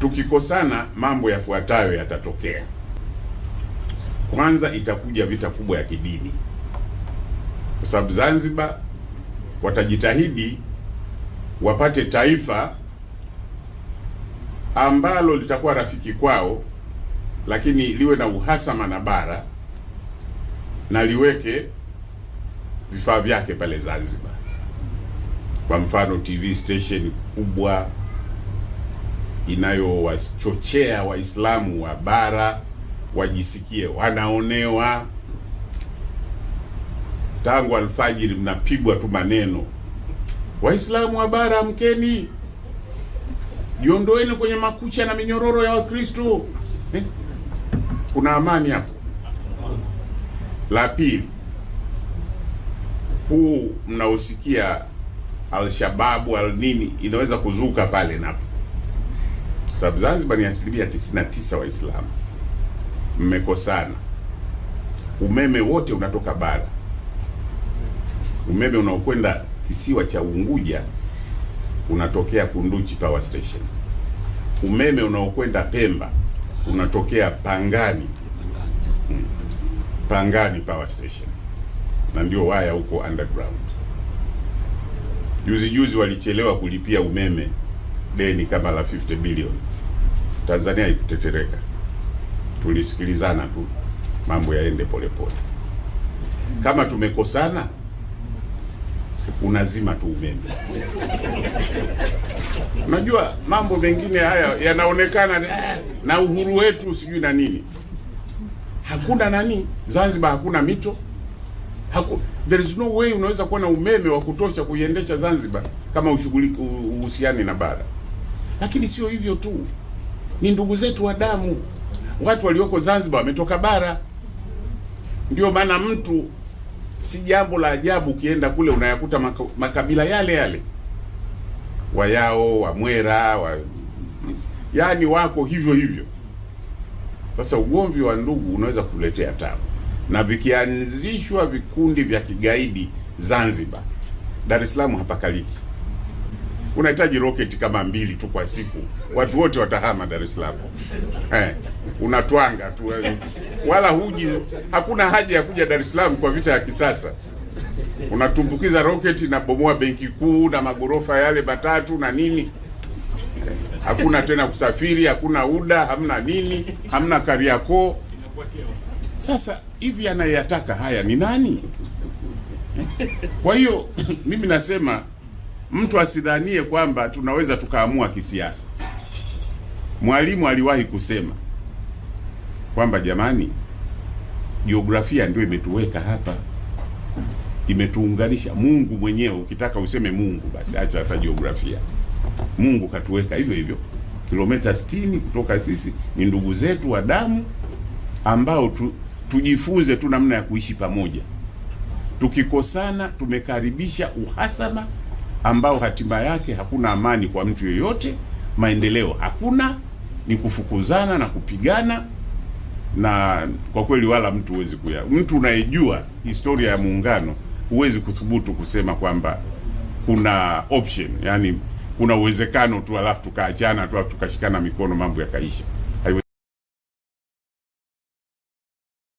Tukikosana mambo yafuatayo yatatokea. Kwanza itakuja vita kubwa ya kidini, kwa sababu Zanzibar watajitahidi wapate taifa ambalo litakuwa rafiki kwao, lakini liwe na uhasama na bara na liweke vifaa vyake pale Zanzibar, kwa mfano TV station kubwa inayowachochea Waislamu wa bara wajisikie wanaonewa. Tangu alfajiri mnapigwa tu maneno, Waislamu wa bara amkeni, jiondoeni kwenye makucha na minyororo ya Wakristo eh? Kuna amani hapo? La pili, huu mnaosikia Alshababu al nini inaweza kuzuka pale napo kwa sababu Zanzibar ni asilimia 99 Waislamu, mmekosana. Umeme wote unatoka bara. Umeme unaokwenda kisiwa cha Unguja unatokea Kunduchi Power Station. Umeme unaokwenda Pemba unatokea Pangani, Pangani Power Station, na ndio waya huko underground. Juzi juzi walichelewa kulipia umeme deni kama la 50 bilioni. Tanzania ikutetereka tulisikilizana tu, mambo yaende polepole. Kama tumekosana, unazima tu umeme. Unajua mambo mengine haya yanaonekana eh, na uhuru wetu sijui na nini, hakuna nani, Zanzibar hakuna mito Haku, there is no way unaweza kuwa na umeme wa kutosha kuiendesha Zanzibar kama ushughuliki uhusiani na bara lakini sio hivyo tu, ni ndugu zetu wa damu. Watu walioko Zanzibar wametoka bara. Ndio maana mtu, si jambo la ajabu ukienda kule unayakuta makabila yale yale, Wayao, Wamwera wa... yaani wako hivyo hivyo. Sasa ugomvi wa ndugu unaweza kuletea tabu, na vikianzishwa vikundi vya kigaidi Zanzibar, Dar es Salaam hapakaliki unahitaji rocket kama mbili tu kwa siku, watu wote watahama Dar es Salaam. Eh, unatwanga tu eh. wala huji, hakuna haja ya kuja Dar es Salaam kwa vita ya kisasa. Unatumbukiza roketi na bomoa benki kuu na magorofa yale matatu na nini. Hakuna tena kusafiri, hakuna UDA, hamna nini, hamna Kariakoo. Sasa hivi anayeyataka haya ni nani? Kwa hiyo mimi nasema Mtu asidhanie kwamba tunaweza tukaamua kisiasa. Mwalimu aliwahi kusema kwamba jamani, jiografia ndio imetuweka hapa, imetuunganisha. Mungu mwenyewe, ukitaka useme Mungu basi, acha hata jiografia. Mungu katuweka hivyo hivyo, kilomita 60 kutoka sisi, ni ndugu zetu wa damu ambao tu, tujifunze tu namna ya kuishi pamoja. Tukikosana tumekaribisha uhasama ambao hatima yake hakuna amani kwa mtu yeyote, maendeleo hakuna, ni kufukuzana na kupigana. Na kwa kweli wala mtu huwezi kuya, mtu unayejua historia ya muungano huwezi kuthubutu kusema kwamba kuna option, yani kuna uwezekano tu, alafu tukaachana tu, alafu tukashikana mikono mambo yakaisha.